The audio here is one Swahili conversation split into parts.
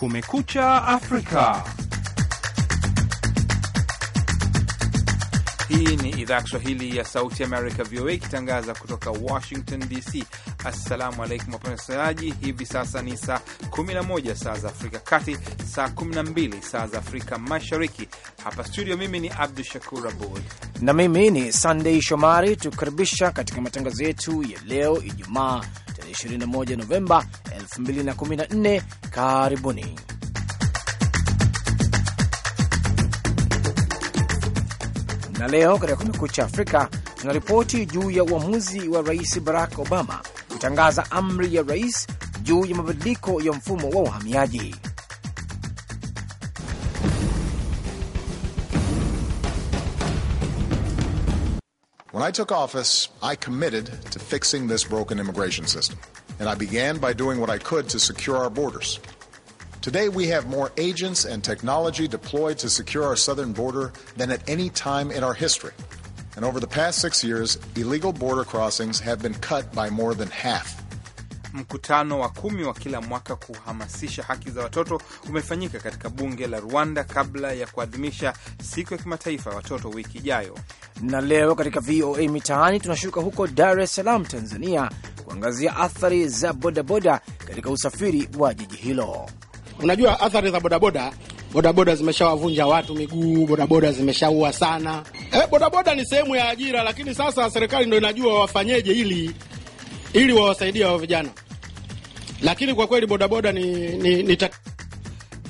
Kumekucha Afrika. Hii ni idhaa ya Kiswahili ya Sauti Amerika, VOA, ikitangaza kutoka Washington DC. Assalamu alaikum wapenzi wasikilizaji, hivi sasa ni saa 11 saa za Afrika Kati, saa 12 saa za Afrika Mashariki. Hapa studio, mimi ni Abdu Shakur Abud na mimi ni Sandei Shomari, tukukaribisha katika matangazo yetu ya leo Ijumaa 21 Novemba 2014. Karibuni. Na leo katika Kumekucha Afrika tunaripoti juu ya uamuzi wa Rais Barack Obama kutangaza amri ya rais juu ya mabadiliko ya mfumo wa uhamiaji. When I took office, I committed to fixing this broken immigration system, and I began by doing what I could to secure our borders. Today, we have more agents and technology deployed to secure our southern border than at any time in our history. And over the past six years, illegal border crossings have been cut by more than half. Mkutano wa kumi wa kila mwaka kuhamasisha haki za watoto umefanyika katika bunge la Rwanda kabla ya kuadhimisha siku ya kimataifa ya watoto wiki ijayo. Na leo katika VOA Mitaani tunashuka huko Dar es Salaam, Tanzania, kuangazia athari za bodaboda katika usafiri wa jiji hilo. Unajua athari za bodaboda bodaboda zimeshawavunja watu miguu, bodaboda zimeshaua sana. E, bodaboda ni sehemu ya ajira, lakini sasa serikali ndo inajua wafanyeje ili ili wawasaidie hao vijana, lakini kwa kweli bodaboda ni, ni, ni ta...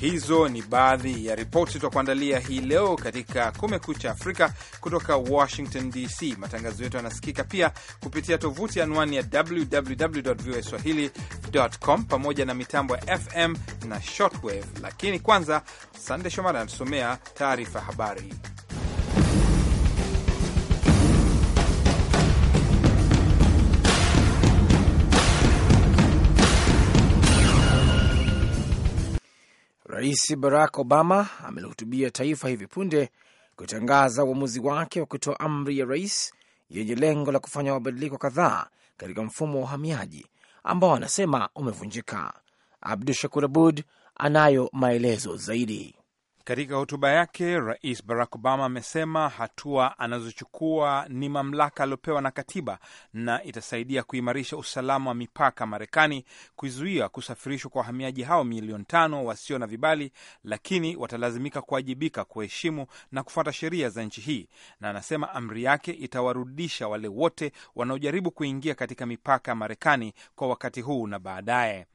Hizo ni baadhi ya ripoti za kuandalia hii leo katika Kumekucha Afrika kutoka Washington DC. Matangazo yetu yanasikika pia kupitia tovuti anwani ya www voa swahili.com, pamoja na mitambo ya FM na shortwave. Lakini kwanza, Sande Shomari anatusomea taarifa habari. Rais Barack Obama amelihutubia taifa hivi punde kutangaza uamuzi wake wa kutoa amri ya rais yenye lengo la kufanya mabadiliko kadhaa katika mfumo wa uhamiaji ambao anasema umevunjika. Abdu Shakur Abud anayo maelezo zaidi. Katika hotuba yake, Rais Barack Obama amesema hatua anazochukua ni mamlaka aliopewa na katiba na itasaidia kuimarisha usalama wa mipaka Marekani, kuzuia kusafirishwa kwa wahamiaji hao milioni tano wasio na vibali, lakini watalazimika kuwajibika, kuheshimu na kufuata sheria za nchi hii. Na anasema amri yake itawarudisha wale wote wanaojaribu kuingia katika mipaka ya Marekani kwa wakati huu na baadaye.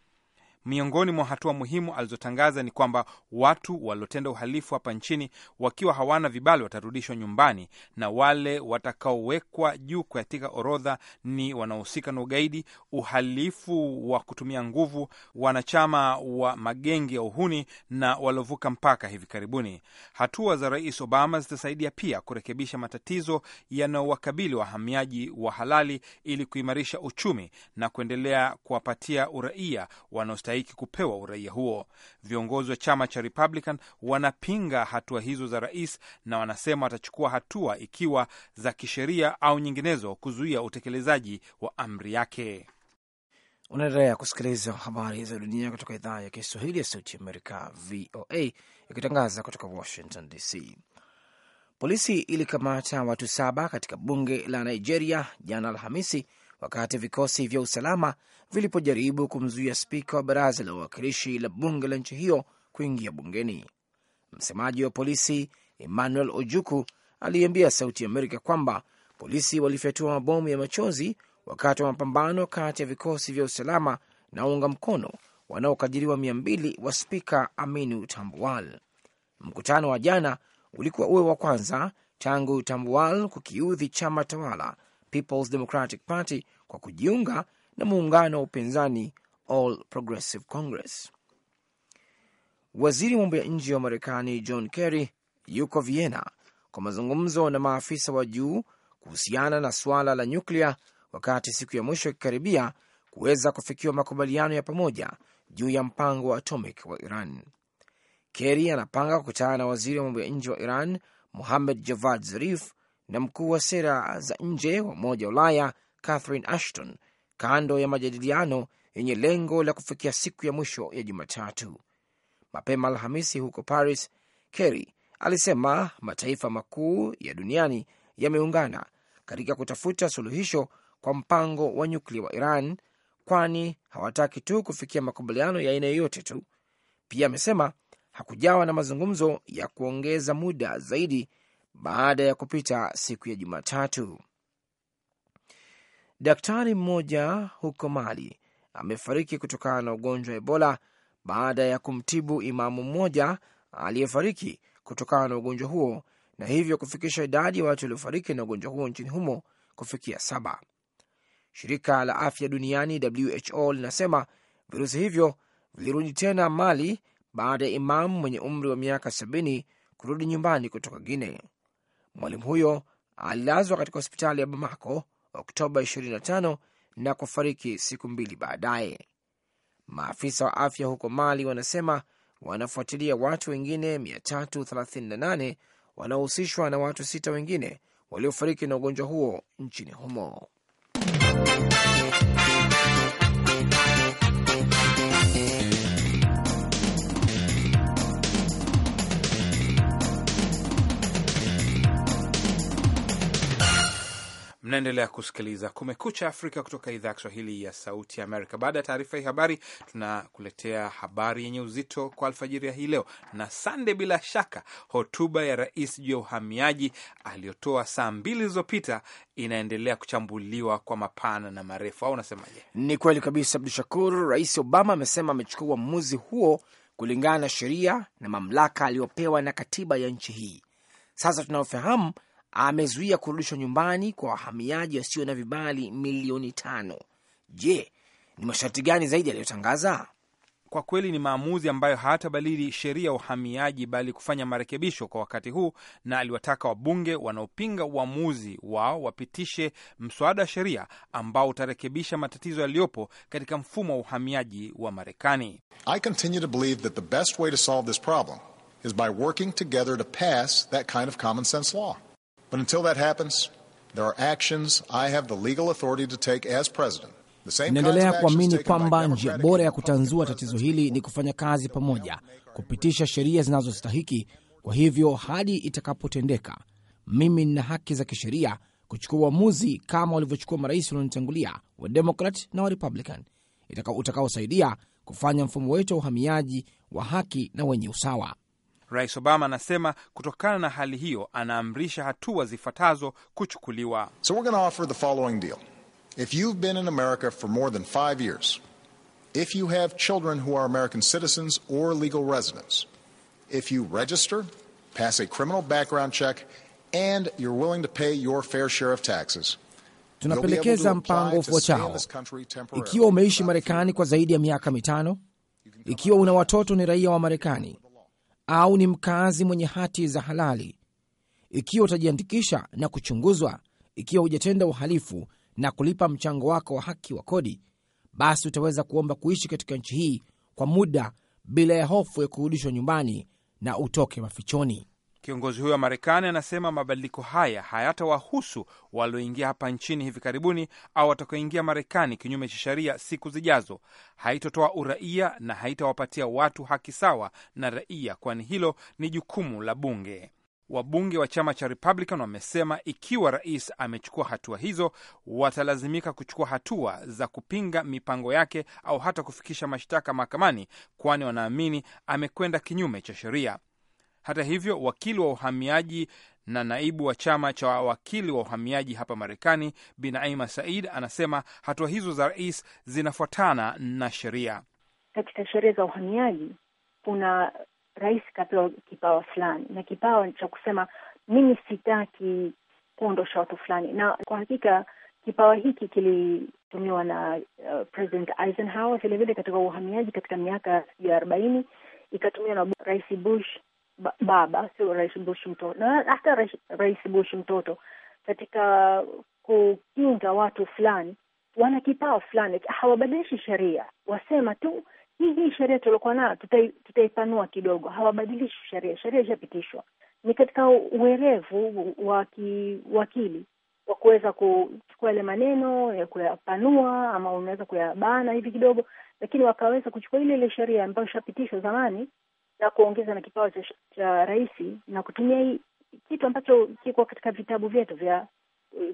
Miongoni mwa hatua muhimu alizotangaza ni kwamba watu waliotenda uhalifu hapa nchini wakiwa hawana vibali watarudishwa nyumbani, na wale watakaowekwa juu katika orodha ni wanaohusika na ugaidi, uhalifu wa kutumia nguvu, wanachama wa magengi ya uhuni na waliovuka mpaka hivi karibuni. Hatua za Rais Obama zitasaidia pia kurekebisha matatizo yanayowakabili wahamiaji wa halali ili kuimarisha uchumi na kuendelea kuwapatia uraia wanaostahili hastahiki kupewa uraia huo. Viongozi wa chama cha Republican wanapinga hatua hizo za rais na wanasema watachukua hatua ikiwa za kisheria au nyinginezo kuzuia utekelezaji wa amri yake. Unaendelea kusikiliza habari za dunia kutoka idhaa ya Kiswahili ya Sauti Amerika, VOA, ikitangaza kutoka Washington DC. Polisi ilikamata watu saba katika bunge la Nigeria jana Alhamisi wakati vikosi vya usalama vilipojaribu kumzuia spika wa baraza la uwakilishi la bunge la nchi hiyo kuingia bungeni. Msemaji wa polisi Emmanuel Ojuku aliambia Sauti Amerika kwamba polisi walifyatua mabomu ya machozi wakati wa mapambano kati ya vikosi vya usalama na waunga mkono wanaokadiriwa mia mbili wa spika Aminu tambual Mkutano wa jana ulikuwa uwe wa kwanza tangu tambual kukiudhi chama tawala People's Democratic Party kwa kujiunga na muungano wa upinzani All Progressive Congress. Waziri wa mambo ya nje wa Marekani John Kerry yuko Vienna kwa mazungumzo na maafisa wa juu kuhusiana na suala la nyuklia, wakati siku ya mwisho ikikaribia kuweza kufikiwa makubaliano ya pamoja juu ya mpango wa atomic wa Iran. Kerry anapanga kukutana na waziri wa mambo ya nje wa Iran muhamed Javad Zarif na mkuu wa sera za nje wa Umoja wa Ulaya Catherine Ashton kando ya majadiliano yenye lengo la kufikia siku ya mwisho ya Jumatatu. Mapema Alhamisi huko Paris, Kerry alisema mataifa makuu ya duniani yameungana katika kutafuta suluhisho kwa mpango wa nyuklia wa Iran, kwani hawataki tu kufikia makubaliano ya aina yoyote tu. Pia amesema hakujawa na mazungumzo ya kuongeza muda zaidi baada ya kupita siku ya Jumatatu. Daktari mmoja huko Mali amefariki kutokana na ugonjwa wa Ebola baada ya kumtibu imamu mmoja aliyefariki kutokana na ugonjwa huo na hivyo kufikisha idadi ya watu waliofariki na ugonjwa huo nchini humo kufikia saba. Shirika la afya duniani WHO linasema virusi hivyo vilirudi tena Mali baada ya imamu mwenye umri wa miaka sabini kurudi nyumbani kutoka Guine. Mwalimu huyo alilazwa katika hospitali ya Bamako Oktoba 25 na kufariki siku mbili baadaye. Maafisa wa afya huko Mali wanasema wanafuatilia watu wengine 338 wanaohusishwa na watu sita wengine waliofariki na ugonjwa huo nchini humo. Mnaendelea kusikiliza Kumekucha Afrika kutoka idhaa ya Kiswahili ya Sauti Amerika. Baada ya taarifa hii habari, tunakuletea habari yenye uzito kwa alfajiri ya hii leo na Sande. Bila shaka, hotuba ya rais juu ya uhamiaji aliyotoa saa mbili zilizopita inaendelea kuchambuliwa kwa mapana na marefu, au unasemaje? Ni kweli kabisa, Abdu Shakur. Rais Obama amesema amechukua uamuzi huo kulingana na sheria na mamlaka aliyopewa na katiba ya nchi hii. Sasa tunaofahamu amezuia kurudishwa nyumbani kwa wahamiaji wasio na vibali milioni tano. Je, ni masharti gani zaidi yaliyotangaza? Kwa kweli ni maamuzi ambayo hayatabadili sheria ya uhamiaji bali kufanya marekebisho kwa wakati huu, na aliwataka wabunge wanaopinga uamuzi wao wapitishe mswada wa sheria ambao utarekebisha matatizo yaliyopo katika mfumo wa uhamiaji wa Marekani. I continue to believe that the best way to solve this problem is by working together to pass that kind of common sense law. But until that happens, there are actions I have the legal authority to take as president. Inaendelea kuamini kwamba njia bora ya kutanzua tatizo hili ni kufanya kazi pamoja kupitisha sheria zinazostahiki. Kwa hivyo hadi itakapotendeka, mimi nina haki za kisheria kuchukua uamuzi kama walivyochukua marais walionitangulia wa Democrat na wa Republican utakaosaidia kufanya mfumo wetu wa uhamiaji wa haki na wenye usawa. Rais Obama anasema kutokana na hali hiyo, anaamrisha hatua zifuatazo kuchukuliwa. So we're going to offer the following deal. If you've been in America for more than five years, if you have children who are American citizens or legal residents, if you register, pass a criminal background check and you're willing to pay your fair share of taxes Tunapendekeza mpango ufuatao: ikiwa umeishi Marekani kwa zaidi ya miaka mitano, ikiwa una watoto ni raia wa Marekani, au ni mkaazi mwenye hati za halali, ikiwa utajiandikisha na kuchunguzwa, ikiwa hujatenda uhalifu na kulipa mchango wako wa haki wa kodi, basi utaweza kuomba kuishi katika nchi hii kwa muda bila ya hofu ya kurudishwa nyumbani na utoke mafichoni. Kiongozi huyo wa Marekani anasema mabadiliko haya hayatawahusu walioingia hapa nchini hivi karibuni au watakaoingia Marekani kinyume cha sheria siku zijazo. Haitotoa uraia na haitawapatia watu haki sawa na raia, kwani hilo ni jukumu la bunge. Wabunge wa chama cha Republican wamesema ikiwa rais amechukua hatua hizo, watalazimika kuchukua hatua za kupinga mipango yake au hata kufikisha mashtaka mahakamani, kwani wanaamini amekwenda kinyume cha sheria. Hata hivyo, wakili wa uhamiaji na naibu wa chama cha wawakili wa uhamiaji hapa Marekani, Binaima Said anasema hatua hizo za rais zinafuatana na sheria. Katika sheria za uhamiaji kuna rais kapewa kipawa fulani, na kipawa cha kusema mimi sitaki kuondosha watu fulani, na kwa hakika kipawa hiki kilitumiwa na uh, President Eisenhower vilevile katika uhamiaji katika miaka ya arobaini, ikatumiwa na Rais Bush baba, sio rais Bush mtoto, na hata rais, Bush mtoto katika kukinga watu fulani wana kipawa fulani, hawabadilishi sheria, wasema tu hii hii sheria tuliokuwa nayo tutaipanua kidogo. Hawabadilishi sheria, sheria ishapitishwa. Ni katika uwerevu wa kiwakili wa kuweza kuchukua yale maneno ya kuyapanua ama unaweza kuyabana hivi kidogo, lakini wakaweza kuchukua ile ile sheria ambayo ishapitishwa zamani za kuongeza na kipawa cha, cha rais na kutumia hii kitu ambacho kiko katika vitabu vyetu vya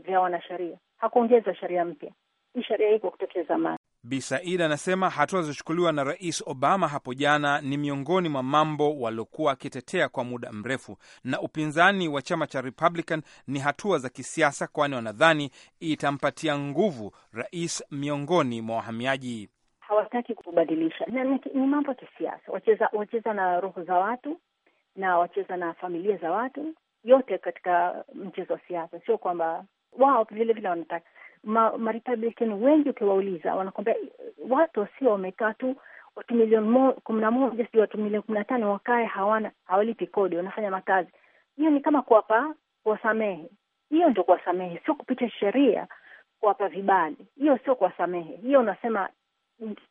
vya wanasheria. Hakuongeza sheria mpya, hii sheria iko kutokea zamani. Bi Said anasema hatua zilizochukuliwa na Rais Obama hapo jana ni miongoni mwa mambo waliokuwa akitetea kwa muda mrefu, na upinzani wa chama cha Republican ni hatua za kisiasa, kwani wanadhani itampatia nguvu rais miongoni mwa wahamiaji hawataki kubadilisha. Ni mambo ya kisiasa, wacheza wacheza na roho za watu na wacheza na familia za watu, yote katika mchezo wa siasa. Sio kwamba wao vile vile wanataka ma, ma Republican wengi ukiwauliza, wanakwambia watu wasio wamekaa tu watu milioni kumi na moja sijui watu milioni kumi na tano wakae, hawana hawalipi kodi, wanafanya makazi. Hiyo ni kama kuwapa kuwasamehe, hiyo ndio kuwasamehe, sio kupitia sheria kuwapa vibali, hiyo sio kuwasamehe. Hiyo unasema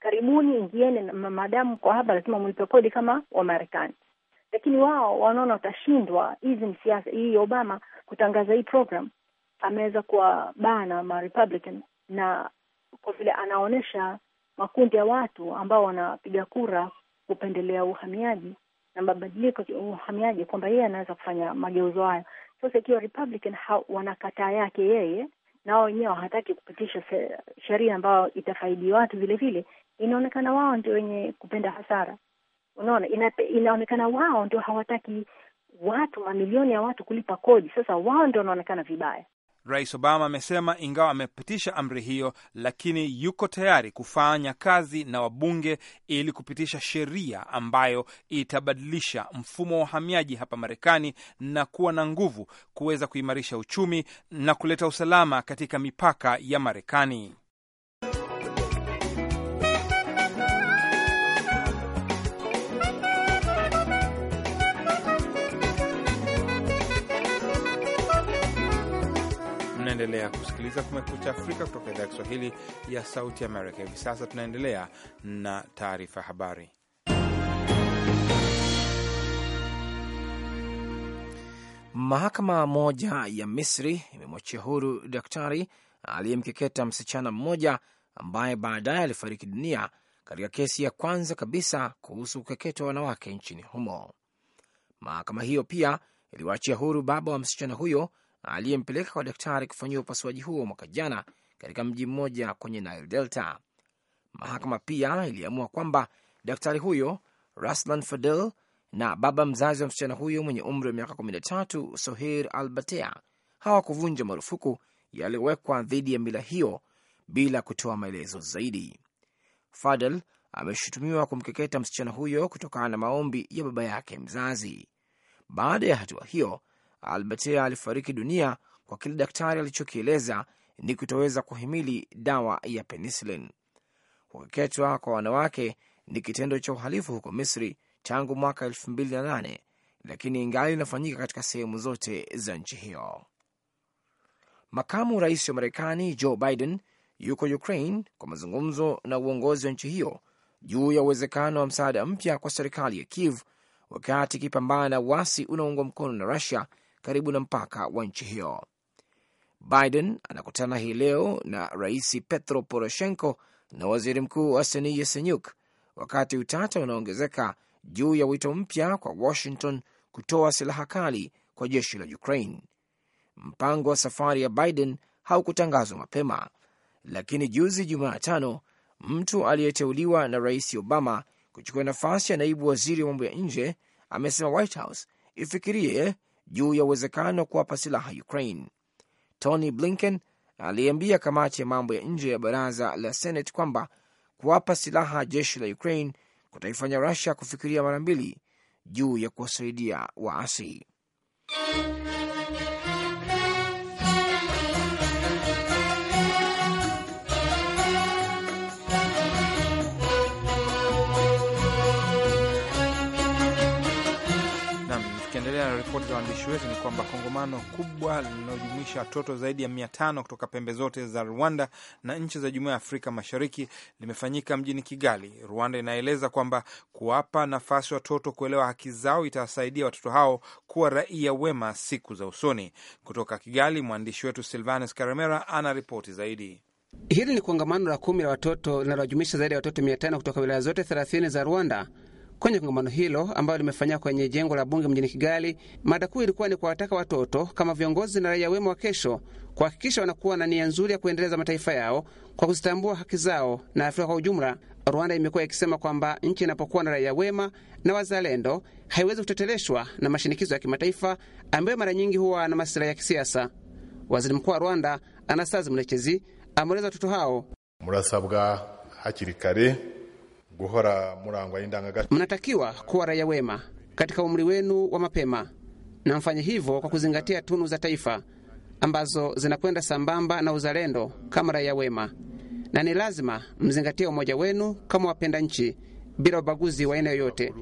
karibuni, ingieni, madamu kwa hapa lazima mlipe kodi kama Wamarekani. Lakini wao wanaona watashindwa. Hizi ni siasa. Hii Obama kutangaza hii program ameweza bana ma Republican, na kwa vile anaonyesha makundi ya watu ambao wanapiga kura kupendelea uhamiaji na mabadiliko ya uhamiaji kwamba yeye anaweza kufanya mageuzo hayo. Sasa ikiwa Republican wanakataa yake yeye nao wenyewe hawataki kupitisha sheria ambayo itafaidi watu vile vile, inaonekana wao ndio wenye kupenda hasara. Unaona, ina, inaonekana wao ndio hawataki watu mamilioni ya watu kulipa kodi. Sasa wao ndio wanaonekana vibaya. Rais Obama amesema ingawa amepitisha amri hiyo, lakini yuko tayari kufanya kazi na wabunge ili kupitisha sheria ambayo itabadilisha mfumo wa uhamiaji hapa Marekani na kuwa na nguvu kuweza kuimarisha uchumi na kuleta usalama katika mipaka ya Marekani. Unaendelea kusikiliza Kumekucha Afrika kutoka idhaa ya Kiswahili ya Sauti Amerika. Hivi sasa tunaendelea na taarifa habari. Mahakama moja ya Misri imemwachia huru daktari aliyemkeketa msichana mmoja ambaye baadaye alifariki dunia katika kesi ya kwanza kabisa kuhusu kukeketwa wanawake nchini humo. Mahakama hiyo pia iliwaachia huru baba wa msichana huyo aliyempeleka kwa daktari kufanyiwa upasuaji huo mwaka jana katika mji mmoja kwenye Nile Delta. Mahakama pia iliamua kwamba daktari huyo Raslan Fadel na baba mzazi wa msichana huyo mwenye umri wa miaka 13 Sohir Albatea hawakuvunja marufuku yaliyowekwa dhidi ya mila hiyo bila kutoa maelezo zaidi. Fadel ameshutumiwa kumkeketa msichana huyo kutokana na maombi ya baba yake mzazi. Baada ya hatua hiyo, albertia alifariki dunia kwa kile daktari alichokieleza ni kutoweza kuhimili dawa ya penicillin. Kukeketwa kwa wanawake ni kitendo cha uhalifu huko Misri tangu mwaka 2008 lakini ingali inafanyika katika sehemu zote za nchi hiyo. Makamu rais wa Marekani Joe Biden yuko Ukraine kwa mazungumzo na uongozi wa nchi hiyo juu ya uwezekano wa msaada mpya kwa serikali ya Kiev wakati ikipambana na uasi unaoungwa mkono na Rusia karibu na mpaka wa nchi hiyo. Biden anakutana hii leo na rais Petro Poroshenko na waziri mkuu Arseniy yesenyuk wakati utata unaongezeka juu ya wito mpya kwa Washington kutoa silaha kali kwa jeshi la Ukraine. Mpango wa safari ya Biden haukutangazwa mapema, lakini juzi Jumatano, mtu aliyeteuliwa na rais Obama kuchukua nafasi ya naibu waziri wa mambo ya nje amesema White House ifikirie juu ya uwezekano wa kuwapa silaha Ukraine. Tony Blinken aliambia kamati ya mambo ya nje ya baraza la Senate kwamba kuwapa silaha jeshi la Ukraine kutaifanya Rusia kufikiria mara mbili juu ya kuwasaidia waasi. ripoti za waandishi wetu ni kwamba kongamano kubwa linalojumuisha watoto zaidi ya mia tano kutoka pembe zote za Rwanda na nchi za Jumuiya ya Afrika Mashariki limefanyika mjini Kigali. Rwanda inaeleza kwamba kuwapa nafasi watoto kuelewa haki zao itawasaidia watoto hao kuwa raia wema siku za usoni. Kutoka Kigali, mwandishi wetu Silvanus Karemera ana ripoti zaidi. Hili ni kongamano la kumi la watoto linalojumuisha zaidi ya watoto mia tano kutoka wilaya zote thelathini za Rwanda Kwenye kongamano hilo ambalo limefanyika kwenye jengo la bunge mjini Kigali, mada kuu ilikuwa ni kuwataka watoto kama viongozi na raia wema wa kesho kuhakikisha wanakuwa na nia nzuri ya kuendeleza mataifa yao kwa kuzitambua haki zao na Afrika kwa ujumla. Rwanda imekuwa ikisema kwamba nchi inapokuwa na raia wema na wazalendo haiwezi kuteteleshwa na mashinikizo ya kimataifa ambayo mara nyingi huwa na masilahi ya kisiasa. Waziri Mkuu wa Rwanda Anastase Murekezi ameeleza watoto hao murasabwa hakiri kare guhora murangwa n'indangagaciro. Mnatakiwa kuwa raia wema katika umri wenu wa mapema, na mfanye hivyo kwa kuzingatia tunu za taifa ambazo zinakwenda sambamba na uzalendo kama raia wema, na ni lazima mzingatie umoja wenu kama wapenda nchi bila ubaguzi wa aina yoyote.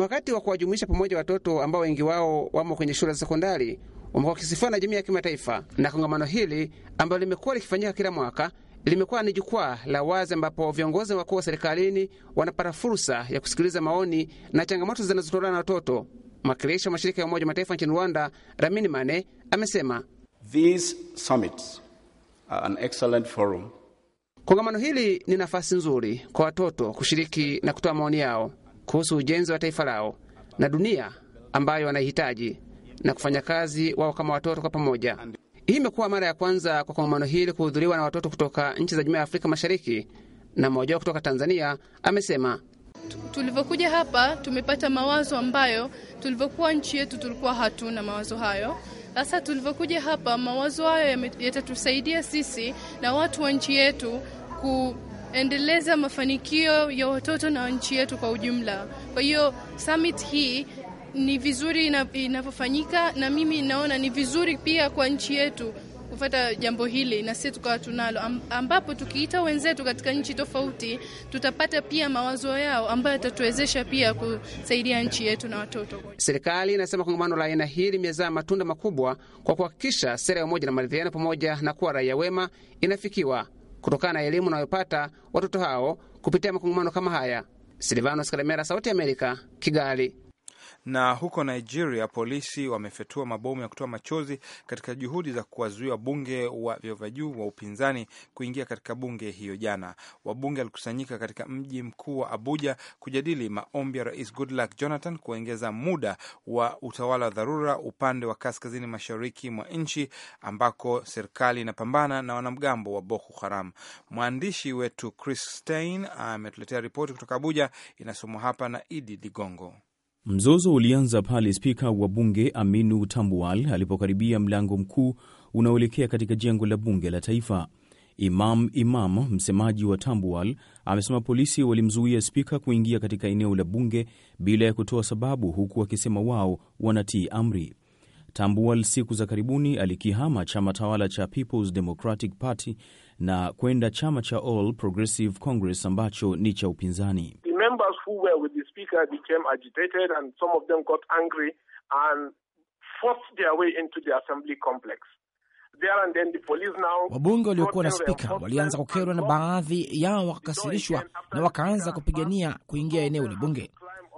Wakati wa kuwajumuisha pamoja watoto ambao wengi wao wamo kwenye shule za sekondari umekuwa ukisifiwa na jamii ya kimataifa, na kongamano hili ambalo limekuwa likifanyika kila mwaka limekuwa ni jukwaa la wazi ambapo viongozi wakuu wa serikalini wanapata fursa ya kusikiliza maoni na changamoto zinazotolewa na watoto. Mwakilishi wa mashirika ya Umoja wa Mataifa nchini Rwanda, Ramini Mane, amesema These summits are an excellent forum. Kongamano hili ni nafasi nzuri kwa watoto kushiriki na kutoa maoni yao kuhusu ujenzi wa taifa lao na dunia ambayo wanaihitaji na kufanya kazi wao kama watoto kwa pamoja. Hii imekuwa mara ya kwanza kwa kongamano hili kuhudhuriwa na watoto kutoka nchi za Jumuiya ya Afrika Mashariki, na mmoja wao kutoka Tanzania amesema Tulivyokuja hapa tumepata mawazo ambayo tulivyokuwa nchi yetu tulikuwa hatuna mawazo hayo. Sasa tulivyokuja hapa, mawazo hayo yatatusaidia sisi na watu wa nchi yetu kuendeleza mafanikio ya watoto na nchi yetu kwa ujumla. Kwa hiyo summit hii ni vizuri inavyofanyika, na mimi naona ni vizuri pia kwa nchi yetu kufata jambo hili na sisi tukawa tunalo, ambapo tukiita wenzetu katika nchi tofauti tutapata pia mawazo yao ambayo yatatuwezesha pia kusaidia nchi yetu na watoto. Serikali inasema kongamano la aina hii limezaa matunda makubwa kwa kuhakikisha sera ya umoja na maridhiano pamoja na kuwa raia wema inafikiwa kutokana na elimu wanayopata watoto hao kupitia makongamano kama haya. Silvano Scaramera, Sauti ya Amerika, Kigali. Na huko Nigeria, polisi wamefyatua mabomu ya kutoa machozi katika juhudi za kuwazuia wabunge wa vyeo vya juu wa upinzani kuingia katika bunge hiyo. Jana wabunge walikusanyika katika mji mkuu wa Abuja kujadili maombi ya Rais Goodluck Jonathan kuongeza muda wa utawala wa dharura upande wa kaskazini mashariki mwa nchi ambako serikali inapambana na wanamgambo wa Boko Haram. Mwandishi wetu Chris Stein ametuletea ripoti kutoka Abuja, inasomwa hapa na Idi Ligongo. Mzozo ulianza pale spika wa bunge Aminu tambual alipokaribia mlango mkuu unaoelekea katika jengo la bunge la taifa. Imam Imam, msemaji wa tambual amesema polisi walimzuia spika kuingia katika eneo la bunge bila ya kutoa sababu, huku wakisema wao wanatii amri. tambual siku za karibuni alikihama chama tawala cha People's Democratic Party na kwenda chama cha All Progressive Congress ambacho ni cha upinzani members who were with the speaker became agitated and some of them got angry and forced their way into the assembly complex. Wabunge waliokuwa na spika walianza kukerwa na baadhi yao wakakasirishwa na wakaanza kupigania kuingia eneo la bunge.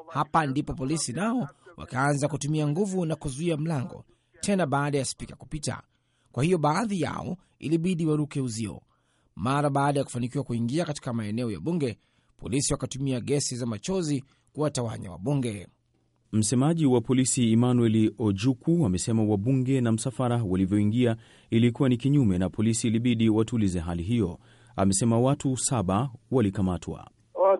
Hapa ndipo polisi nao wakaanza kutumia nguvu na kuzuia mlango tena baada ya spika kupita. Kwa hiyo baadhi yao ilibidi waruke uzio. Mara baada ya kufanikiwa kuingia katika maeneo ya bunge, polisi wakatumia gesi za machozi kuwatawanya wabunge. Msemaji wa polisi Emmanuel Ojuku amesema wabunge na msafara walivyoingia ilikuwa ni kinyume na polisi, ilibidi watulize hali hiyo. Amesema watu saba walikamatwa. Oh,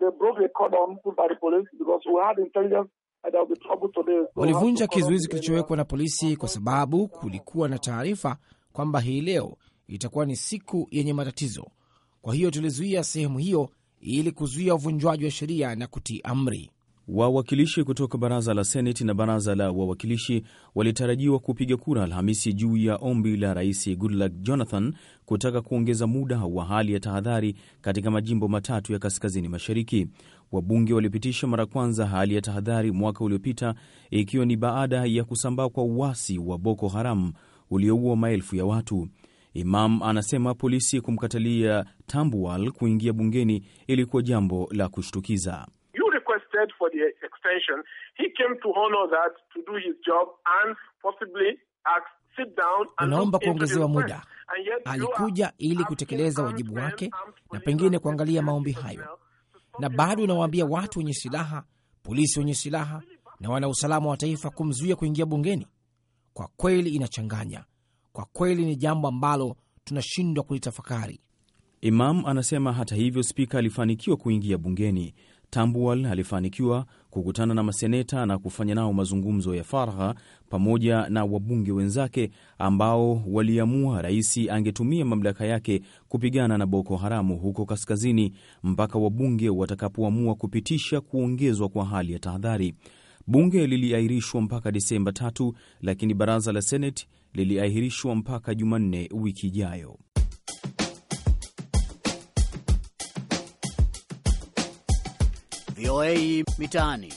Walivunja kizuizi kilichowekwa na polisi kwa sababu kulikuwa na taarifa kwamba hii leo itakuwa ni siku yenye matatizo, kwa hiyo tulizuia sehemu hiyo ili kuzuia uvunjwaji wa sheria na kutii amri. Wawakilishi kutoka baraza la seneti na baraza la wawakilishi walitarajiwa kupiga kura Alhamisi juu ya ombi la rais Goodluck Jonathan kutaka kuongeza muda wa hali ya tahadhari katika majimbo matatu ya kaskazini mashariki. Wabunge walipitisha mara kwanza hali ya tahadhari mwaka uliopita, ikiwa ni baada ya kusambaa kwa uasi wa Boko Haram ulioua maelfu ya watu. Imam anasema polisi kumkatalia Tambuwal kuingia bungeni ilikuwa jambo la kushtukiza. unaomba kuongezewa muda. Alikuja ili kutekeleza wajibu wake na pengine kuangalia maombi hayo, na bado unawaambia watu wenye silaha, polisi wenye silaha na wana usalama wa taifa kumzuia kuingia bungeni. Kwa kweli inachanganya kwa kweli ni jambo ambalo tunashindwa kulitafakari. Imam anasema hata hivyo, spika alifanikiwa kuingia bungeni. tambual alifanikiwa kukutana na maseneta na kufanya nao mazungumzo ya faragha pamoja na wabunge wenzake ambao waliamua rais angetumia mamlaka yake kupigana na Boko Haramu huko kaskazini mpaka wabunge watakapoamua kupitisha kuongezwa kwa hali ya tahadhari. Bunge liliahirishwa mpaka disemba tatu, lakini baraza la Seneti liliahirishwa mpaka Jumanne wiki ijayo. VOA Mitaani.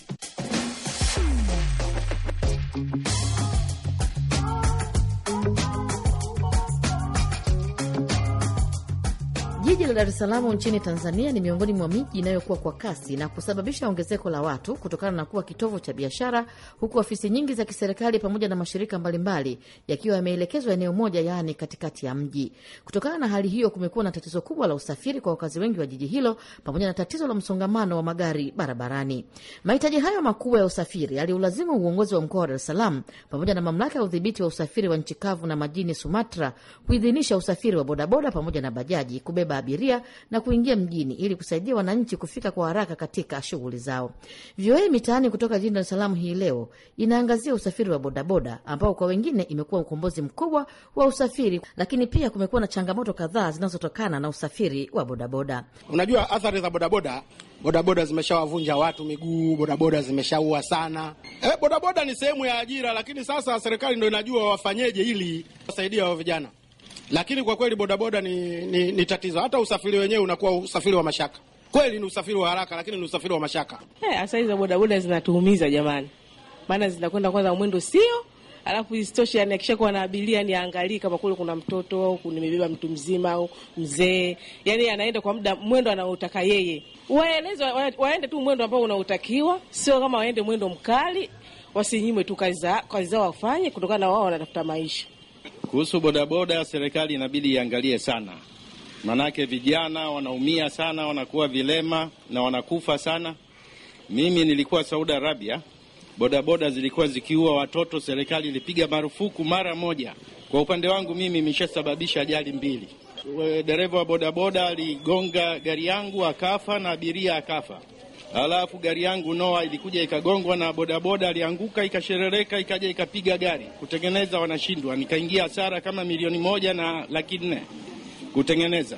la Dar es Salaam nchini Tanzania ni miongoni mwa miji inayokuwa kwa kasi na kusababisha ongezeko la watu kutokana na kuwa kitovu cha biashara, huku ofisi nyingi za kiserikali pamoja na mashirika mbalimbali yakiwa yameelekezwa eneo moja, yaani katikati ya mji. Kutokana na hali hiyo, kumekuwa na tatizo kubwa la usafiri kwa wakazi wengi wa jiji hilo pamoja na tatizo la msongamano wa magari barabarani. Mahitaji hayo makubwa ya usafiri yaliulazimu uongozi wa mkoa wa Dar es Salaam pamoja na mamlaka ya udhibiti wa usafiri wa nchi kavu na majini SUMATRA kuidhinisha usafiri wa bodaboda pamoja na bajaji kubeba abiria abiria na kuingia mjini ili kusaidia wananchi kufika kwa haraka katika shughuli zao. VOA Mitaani kutoka jijini Dar es Salaam hii leo inaangazia usafiri wa bodaboda ambao kwa wengine imekuwa ukombozi mkubwa wa usafiri, lakini pia kumekuwa na changamoto kadhaa zinazotokana na usafiri wa bodaboda. Unajua athari za bodaboda bodaboda zimeshawavunja watu miguu, bodaboda zimeshaua sana. E, bodaboda ni sehemu ya ajira, lakini sasa serikali ndo inajua wafanyeje ili wasaidia wa vijana. Lakini kwa kweli bodaboda ni, ni, ni tatizo. Hata usafiri wenyewe unakuwa usafiri wa mashaka. Kweli ni usafiri wa haraka, lakini ni usafiri wa mashaka. Hey, eh, asa hizo bodaboda zinatuumiza jamani, maana zinakwenda kwanza mwendo sio Alafu isitoshe yani, akishakuwa na abiria ni aangalii kama kule kuna mtoto au nimebeba mtu mzima au mzee, yani anaenda kwa muda mwendo anaotaka yeye. Waeleze waende tu mwendo ambao unaotakiwa, sio kama waende mwendo mkali. Wasinyimwe tu kazi zao wafanye, kutokana na wao wanatafuta maisha. Kuhusu bodaboda, serikali inabidi iangalie sana, maanake vijana wanaumia sana, wanakuwa vilema na wanakufa sana. Mimi nilikuwa Saudi Arabia, bodaboda zilikuwa zikiua watoto, serikali ilipiga marufuku mara moja. Kwa upande wangu mimi imeshasababisha ajali mbili. Dereva wa bodaboda aligonga gari yangu akafa na abiria akafa. Alafu gari yangu noa ilikuja ikagongwa na bodaboda, alianguka ikasherereka, ikaja ikapiga gari. Kutengeneza wanashindwa, nikaingia hasara kama milioni moja na laki nne kutengeneza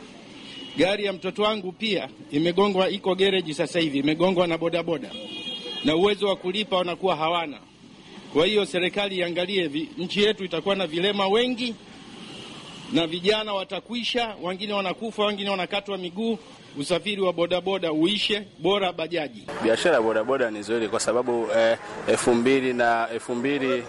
gari ya mtoto wangu. Pia imegongwa, iko gereji sasa hivi, imegongwa na bodaboda, na uwezo wa kulipa wanakuwa hawana. Kwa hiyo serikali iangalie, nchi yetu itakuwa na vilema wengi na vijana watakwisha, wengine wanakufa, wengine wanakatwa miguu usafiri wa bodaboda uishe, bora bajaji. Biashara ya bodaboda ni nzuri kwa sababu eh, elfu mbili na elfu mbili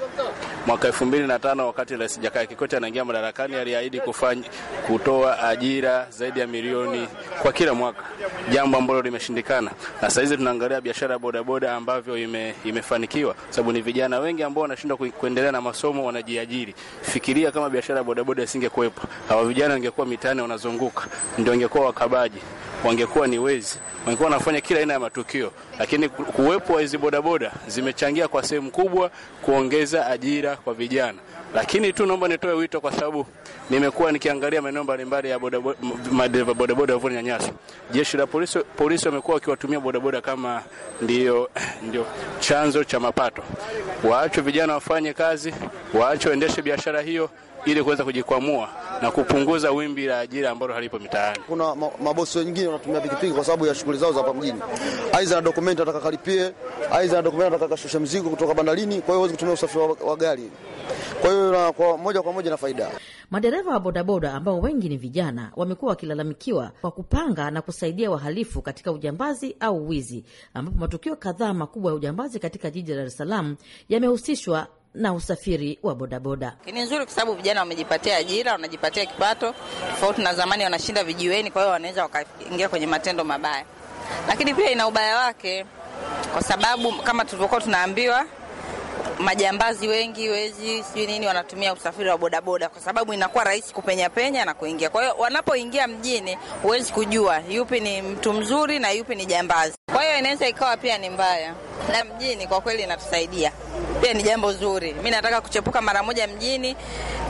mwaka elfu mbili na tano wakati Rais Jakaya Kikwete anaingia madarakani aliahidi kufanya kutoa ajira zaidi ya milioni kwa kila mwaka, jambo ambalo limeshindikana, na sasa hizi tunaangalia biashara ya bodaboda ambavyo ime, imefanikiwa, sababu ni vijana wengi ambao wanashindwa kuendelea na masomo wanajiajiri. Fikiria kama biashara ya bodaboda isingekuwepo, hawa vijana wangekuwa mitaani wanazunguka, ndio wangekuwa wakabaji wangekuwa ni wezi, wangekuwa wanafanya kila aina ya matukio. Lakini kuwepo wa hizi bodaboda zimechangia kwa sehemu kubwa kuongeza ajira kwa vijana. Lakini tu naomba nitoe wito, kwa sababu nimekuwa nikiangalia maeneo mbalimbali ya madereva bodaboda wanavyonyanyaswa. Jeshi la polisi polisi wamekuwa wakiwatumia bodaboda kama ndio, ndio chanzo cha mapato. Waache vijana wafanye kazi, waache waendeshe biashara hiyo ili kuweza kujikwamua na kupunguza wimbi la ajira ambalo halipo mitaani. Kuna mabosi wengine wanatumia pikipiki kwa sababu ya shughuli zao za hapa mjini, aidha na dokumenti anataka kalipie, aidha na dokumenti anataka kashusha mzigo kutoka bandarini, kwa hiyo huwezi kutumia usafiri wa, wa gari. Kwa hiyo kwa moja kwa moja na faida. Madereva wa bodaboda ambao wengi ni vijana wamekuwa wakilalamikiwa kwa kupanga na kusaidia wahalifu katika ujambazi au wizi, ambapo matukio kadhaa makubwa ya ujambazi katika jiji la Dar es Salaam yamehusishwa na usafiri wa bodaboda. Ni nzuri kwa sababu vijana wamejipatia ajira, wanajipatia kipato tofauti na zamani, wanashinda vijiweni, kwa hiyo wanaweza wakaingia kwenye matendo mabaya, lakini pia ina ubaya wake kwa sababu kama tulivyokuwa tunaambiwa majambazi wengi, wezi, sijui nini, wanatumia usafiri wa bodaboda kwa sababu inakuwa rahisi kupenya penya na kuingia. Kwa hiyo wanapoingia mjini, huwezi kujua yupi ni mtu mzuri na yupi ni jambazi. Kwa hiyo inaweza ikawa pia ni mbaya, na mjini kwa kweli inatusaidia pia, ni jambo zuri. Mi nataka kuchepuka mara moja mjini,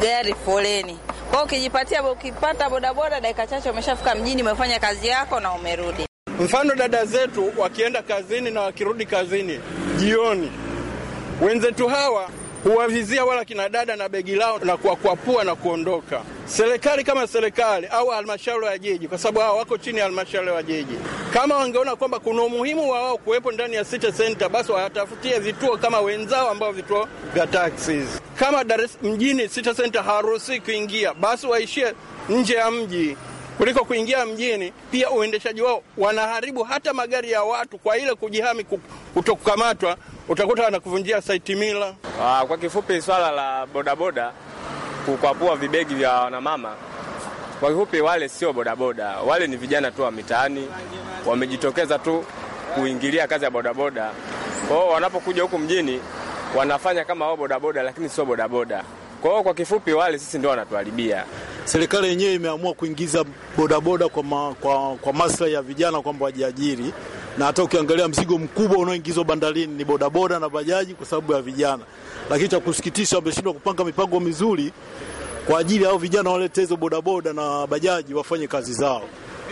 gari foleni kwa ukijipatia ukipata bodaboda dakika chache umeshafika mjini, umefanya kazi yako na umerudi. Mfano dada zetu wakienda kazini na wakirudi kazini jioni Wenzetu hawa huwavizia wala kina dada na begi lao na kuwakwapua na kuondoka. Serikali kama serikali au halmashauri ya jiji, kwa sababu hawa wako chini ya halmashauri ya jiji, kama wangeona kwamba kuna umuhimu wa wao kuwepo ndani ya city center, basi watafutie vituo kama wenzao ambao vituo vya taxis. Kama Dar es mjini city center haruhusi kuingia, basi waishie nje ya mji kuliko kuingia mjini. Pia uendeshaji wao wanaharibu hata magari ya watu kwa ile kujihami kutokukamatwa utakuta anakuvunjia saiti mila. Aa, ah, kwa kifupi swala la bodaboda kukwapua vibegi vya wanamama, kwa kifupi wale sio bodaboda, wale ni vijana tu wa mitaani wamejitokeza tu kuingilia kazi ya bodaboda. Kwao wanapokuja huku mjini wanafanya kama wao bodaboda, lakini sio bodaboda. Kwao kwa kifupi wale sisi ndio wanatuharibia. Serikali yenyewe imeamua kuingiza bodaboda kwa, ma, kwa, kwa maslahi ya vijana kwamba wajiajiri na hata ukiangalia mzigo mkubwa unaoingizwa bandarini ni bodaboda na bajaji kwa sababu ya vijana, lakini cha kusikitisha wameshindwa kupanga mipango mizuri kwa ajili ya hao vijana walete hizo bodaboda na bajaji wafanye kazi zao.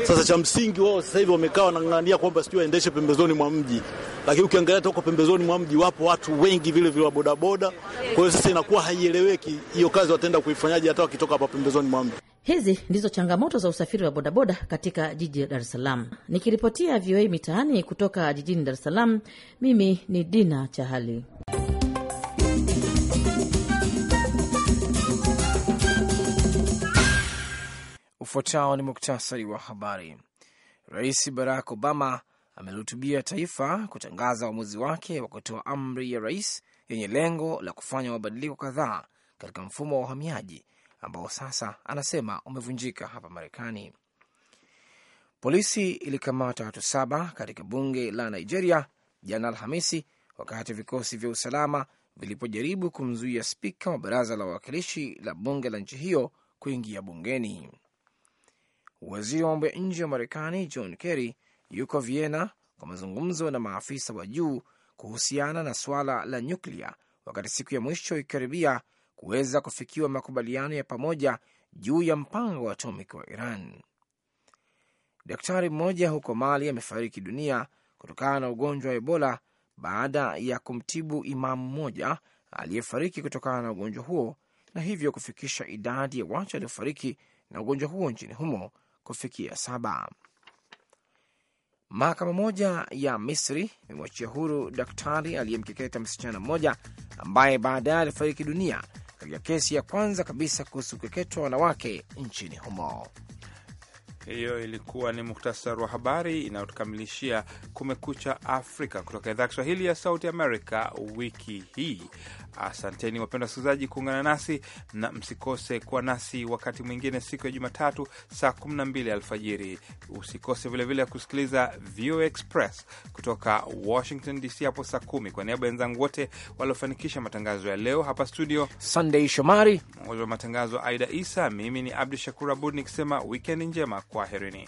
Sasa cha msingi wao sasa hivi wamekaa wanang'ang'ania kwamba sijui waendeshe pembezoni mwa mji, lakini ukiangalia toka pembezoni mwa mji wapo watu wengi vile vile wa bodaboda. Kwa hiyo sasa inakuwa haieleweki hiyo kazi wataenda kuifanyaje hata wakitoka hapa pembezoni mwa mji. Hizi ndizo changamoto za usafiri wa bodaboda katika jiji la Dar es Salaam. Nikiripotia VOA Mitaani kutoka jijini Dar es Salaam, mimi ni Dina Chahali. Ufuatao ni muktasari wa habari. Rais Barack Obama amelihutubia taifa kutangaza uamuzi wake wa kutoa amri ya rais yenye lengo la kufanya mabadiliko kadhaa katika mfumo wa uhamiaji ambao sasa anasema umevunjika hapa Marekani. Polisi ilikamata watu saba katika bunge la Nigeria jana Alhamisi, wakati vikosi vya usalama vilipojaribu kumzuia spika wa baraza la wawakilishi la bunge la nchi hiyo kuingia bungeni. Waziri wa mambo ya nje wa Marekani John Kerry yuko Vienna kwa mazungumzo na maafisa wa juu kuhusiana na suala la nyuklia, wakati siku ya mwisho ikikaribia kuweza kufikiwa makubaliano ya pamoja juu ya mpango wa atomic wa Iran. Daktari mmoja huko Mali amefariki dunia kutokana na ugonjwa wa Ebola baada ya kumtibu imamu mmoja aliyefariki kutokana na ugonjwa huo na hivyo kufikisha idadi ya watu waliofariki na ugonjwa huo nchini humo kufikia saba. Mahakama moja ya Misri imemwachia huru daktari aliyemkeketa msichana mmoja ambaye baadaye alifariki dunia katika kesi ya kwanza kabisa kuhusu ukeketwa wanawake nchini humo. Hiyo ilikuwa ni muhtasari wa habari inayotukamilishia Kumekucha Afrika kutoka idhaa ya Kiswahili ya Sauti Amerika wiki hii. Asanteni wapenda wasikilizaji kuungana nasi, na msikose kuwa nasi wakati mwingine siku ya Jumatatu saa 12 alfajiri. Usikose vilevile kusikiliza VOA Express kutoka Washington DC hapo saa kumi. Kwa niaba ya wenzangu wote waliofanikisha matangazo ya leo hapa studio, Sunday Shomari mwongozi wa matangazo, Aida Isa, mimi ni Abdu Shakur Abud nikisema wikendi njema, kwaherini.